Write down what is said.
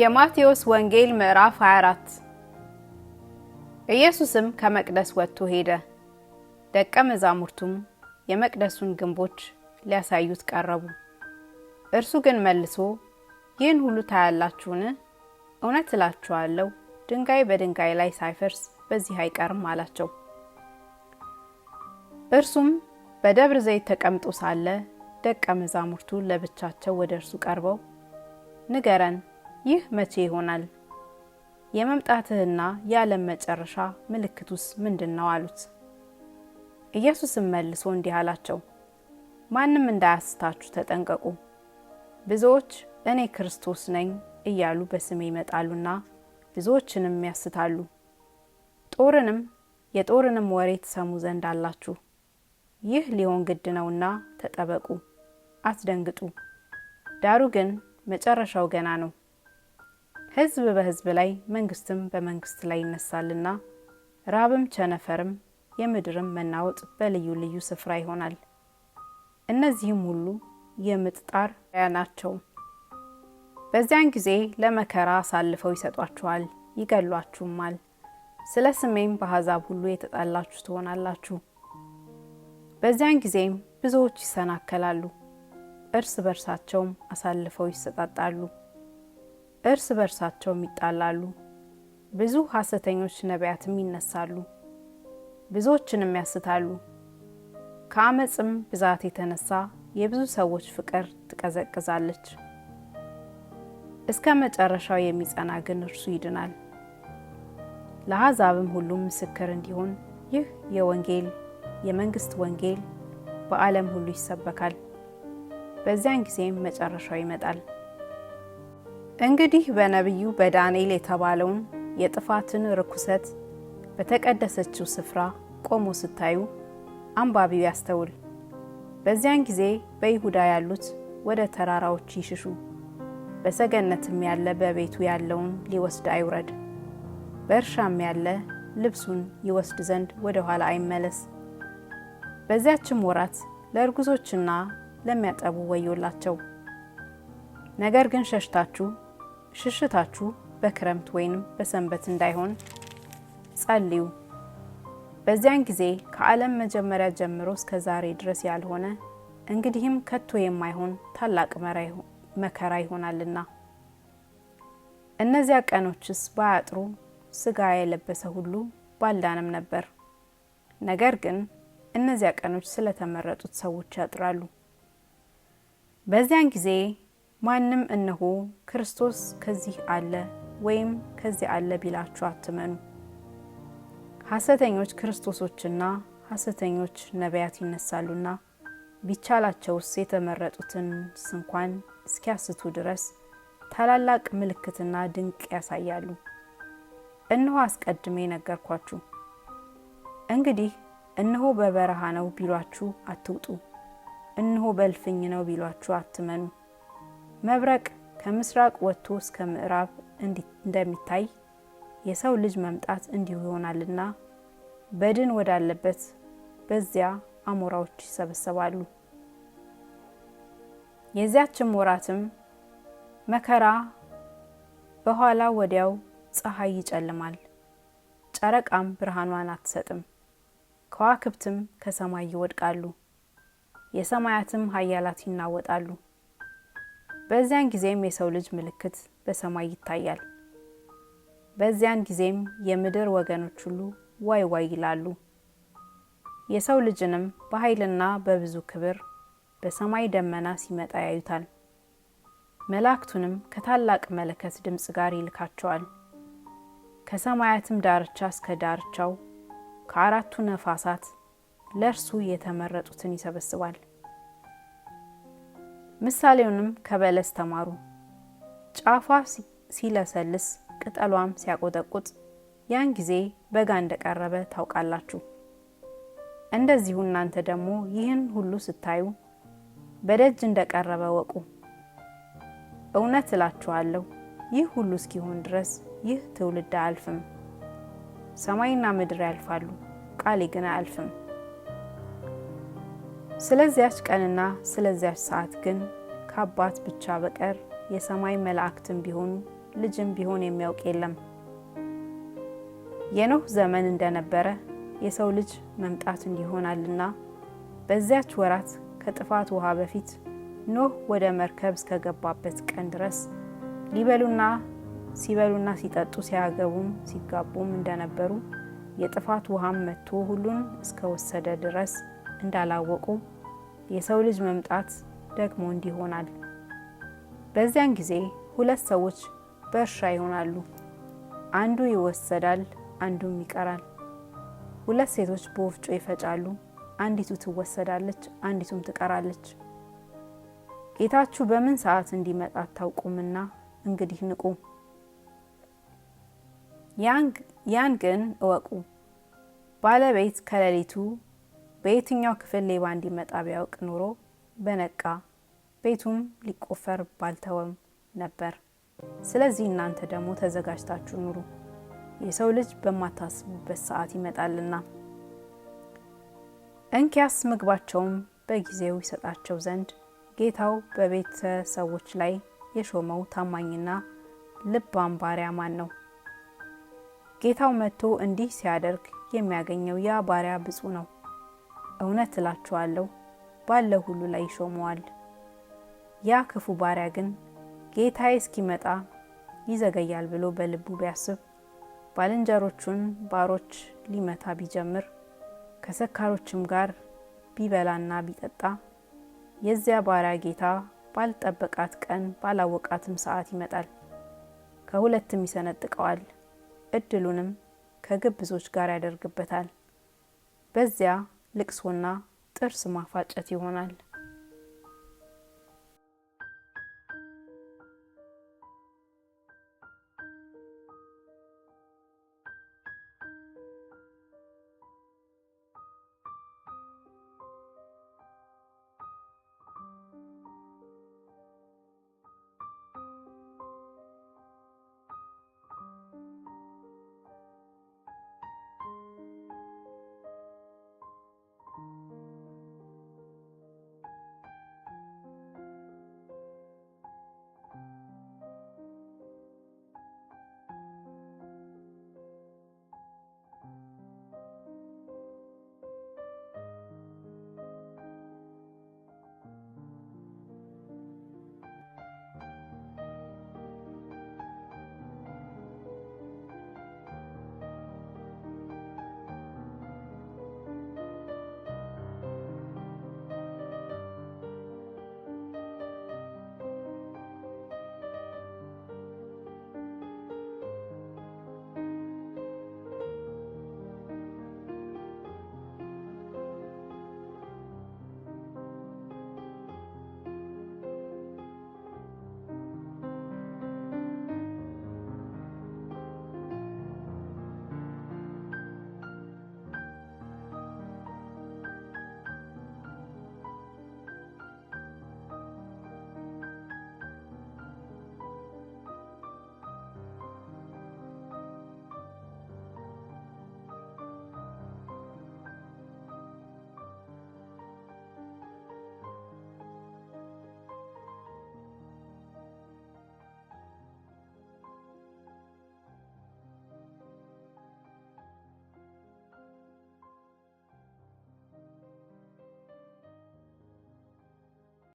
የማቴዎስ ወንጌል ምዕራፍ 24 ኢየሱስም ከመቅደስ ወጥቶ ሄደ። ደቀ መዛሙርቱም የመቅደሱን ግንቦች ሊያሳዩት ቀረቡ። እርሱ ግን መልሶ ይህን ሁሉ ታያላችሁን? እውነት እላችኋለሁ ድንጋይ በድንጋይ ላይ ሳይፈርስ በዚህ አይቀርም አላቸው። እርሱም በደብረ ዘይት ተቀምጦ ሳለ ደቀ መዛሙርቱ ለብቻቸው ወደ እርሱ ቀርበው ንገረን ይህ መቼ ይሆናል? የመምጣትህና የዓለም መጨረሻ ምልክቱስ ምንድን ነው? አሉት። ኢየሱስም መልሶ እንዲህ አላቸው፣ ማንም እንዳያስታችሁ ተጠንቀቁ። ብዙዎች እኔ ክርስቶስ ነኝ እያሉ በስሜ ይመጣሉና ብዙዎችንም ያስታሉ። ጦርንም የጦርንም ወሬ ትሰሙ ዘንድ አላችሁ። ይህ ሊሆን ግድ ነውና ተጠበቁ፣ አስደንግጡ? ዳሩ ግን መጨረሻው ገና ነው። ህዝብ በህዝብ ላይ መንግስትም በመንግስት ላይ ይነሳልና ራብም ቸነፈርም የምድርም መናወጥ በልዩ ልዩ ስፍራ ይሆናል። እነዚህም ሁሉ የምጥ ጣር ናቸው። በዚያን ጊዜ ለመከራ አሳልፈው ይሰጧችኋል፣ ይገሏችሁማል። ስለ ስሜም በአሕዛብ ሁሉ የተጠላችሁ ትሆናላችሁ። በዚያን ጊዜም ብዙዎች ይሰናከላሉ፣ እርስ በርሳቸውም አሳልፈው ይሰጣጣሉ። እርስ በርሳቸውም ይጣላሉ። ብዙ ሐሰተኞች ነቢያትም ይነሳሉ፣ ብዙዎችንም ያስታሉ። ከአመፅም ብዛት የተነሳ የብዙ ሰዎች ፍቅር ትቀዘቅዛለች። እስከ መጨረሻው የሚጸና ግን እርሱ ይድናል። ለአሕዛብም ሁሉም ምስክር እንዲሆን ይህ የወንጌል የመንግሥት ወንጌል በዓለም ሁሉ ይሰበካል፣ በዚያን ጊዜም መጨረሻው ይመጣል። እንግዲህ በነቢዩ በዳንኤል የተባለውን የጥፋትን ርኩሰት በተቀደሰችው ስፍራ ቆሞ ስታዩ አንባቢው ያስተውል። በዚያን ጊዜ በይሁዳ ያሉት ወደ ተራራዎች ይሽሹ፣ በሰገነትም ያለ በቤቱ ያለውን ሊወስድ አይውረድ፣ በእርሻም ያለ ልብሱን ይወስድ ዘንድ ወደ ኋላ አይመለስ። በዚያችም ወራት ለእርጉዞችና ለሚያጠቡ ወዮላቸው። ነገር ግን ሸሽታችሁ ሽሽታችሁ በክረምት ወይንም በሰንበት እንዳይሆን ጸልዩ። በዚያን ጊዜ ከዓለም መጀመሪያ ጀምሮ እስከ ዛሬ ድረስ ያልሆነ እንግዲህም ከቶ የማይሆን ታላቅ መከራ ይሆናልና። እነዚያ ቀኖችስ ባያጥሩ ስጋ የለበሰ ሁሉ ባልዳንም ነበር። ነገር ግን እነዚያ ቀኖች ስለተመረጡት ሰዎች ያጥራሉ። በዚያን ጊዜ ማንም እነሆ ክርስቶስ ከዚህ አለ ወይም ከዚህ አለ ቢላችሁ አትመኑ። ሐሰተኞች ክርስቶሶችና ሐሰተኞች ነቢያት ይነሳሉና ቢቻላቸውስ የተመረጡትን ስንኳን እስኪያስቱ ድረስ ታላላቅ ምልክትና ድንቅ ያሳያሉ። እነሆ አስቀድሜ ነገርኳችሁ። እንግዲህ እነሆ በበረሃ ነው ቢሏችሁ አትውጡ፣ እነሆ በእልፍኝ ነው ቢሏችሁ አትመኑ። መብረቅ ከምስራቅ ወጥቶ እስከ ምዕራብ እንደሚታይ የሰው ልጅ መምጣት እንዲሁ ይሆናልና በድን ወዳለበት በዚያ አሞራዎች ይሰበሰባሉ። የዚያችም ወራትም መከራ በኋላ ወዲያው ፀሐይ ይጨልማል፣ ጨረቃም ብርሃኗን አትሰጥም፣ ከዋክብትም ከሰማይ ይወድቃሉ፣ የሰማያትም ኃያላት ይናወጣሉ። በዚያን ጊዜም የሰው ልጅ ምልክት በሰማይ ይታያል። በዚያን ጊዜም የምድር ወገኖች ሁሉ ዋይ ዋይ ይላሉ። የሰው ልጅንም በኃይልና በብዙ ክብር በሰማይ ደመና ሲመጣ ያዩታል። መላእክቱንም ከታላቅ መለከት ድምፅ ጋር ይልካቸዋል። ከሰማያትም ዳርቻ እስከ ዳርቻው ከአራቱ ነፋሳት ለእርሱ የተመረጡትን ይሰበስባል። ምሳሌውንም ከበለስ ተማሩ። ጫፏ ሲለሰልስ ቅጠሏም ሲያቆጠቁጥ ያን ጊዜ በጋ እንደቀረበ ታውቃላችሁ። እንደዚሁ እናንተ ደግሞ ይህን ሁሉ ስታዩ በደጅ እንደቀረበ ወቁ። እውነት እላችኋለሁ ይህ ሁሉ እስኪሆን ድረስ ይህ ትውልድ አያልፍም። ሰማይና ምድር ያልፋሉ፣ ቃሌ ግን አያልፍም። ስለዚያች ቀንና ስለዚያች ሰዓት ግን ከአባት ብቻ በቀር የሰማይ መላእክትም ቢሆኑ ልጅም ቢሆን የሚያውቅ የለም። የኖህ ዘመን እንደነበረ የሰው ልጅ መምጣት እንዲሆናልና በዚያች ወራት ከጥፋት ውሃ በፊት ኖህ ወደ መርከብ እስከገባበት ቀን ድረስ ሊበሉና ሲበሉና ሲጠጡ ሲያገቡም ሲጋቡም እንደነበሩ የጥፋት ውሃም መጥቶ ሁሉን እስከወሰደ ድረስ እንዳላወቁ የሰው ልጅ መምጣት ደግሞ እንዲሆናል። በዚያን ጊዜ ሁለት ሰዎች በእርሻ ይሆናሉ፣ አንዱ ይወሰዳል፣ አንዱም ይቀራል። ሁለት ሴቶች በወፍጮ ይፈጫሉ፣ አንዲቱ ትወሰዳለች፣ አንዲቱም ትቀራለች። ጌታችሁ በምን ሰዓት እንዲመጣ አታውቁምና እንግዲህ ንቁ። ያን ግን እወቁ፣ ባለቤት ከሌሊቱ በየትኛው ክፍል ሌባ እንዲመጣ ቢያውቅ ኖሮ በነቃ ቤቱም ሊቆፈር ባልተወም ነበር። ስለዚህ እናንተ ደግሞ ተዘጋጅታችሁ ኑሩ፣ የሰው ልጅ በማታስቡበት ሰዓት ይመጣልና። እንኪያስ ምግባቸውም በጊዜው ይሰጣቸው ዘንድ ጌታው በቤተ ሰዎች ላይ የሾመው ታማኝና ልባም ባሪያ ማን ነው? ጌታው መጥቶ እንዲህ ሲያደርግ የሚያገኘው ያ ባሪያ ብፁ ነው። እውነት እላችኋለሁ ባለው ሁሉ ላይ ይሾመዋል። ያ ክፉ ባሪያ ግን ጌታዬ እስኪመጣ ይዘገያል ብሎ በልቡ ቢያስብ ባልንጀሮቹን ባሮች ሊመታ ቢጀምር ከሰካሮችም ጋር ቢበላና ቢጠጣ የዚያ ባሪያ ጌታ ባልጠበቃት ቀን ባላወቃትም ሰዓት ይመጣል፣ ከሁለትም ይሰነጥቀዋል፣ እድሉንም ከግብዞች ጋር ያደርግበታል። በዚያ ልቅሶና ጥርስ ማፋጨት ይሆናል።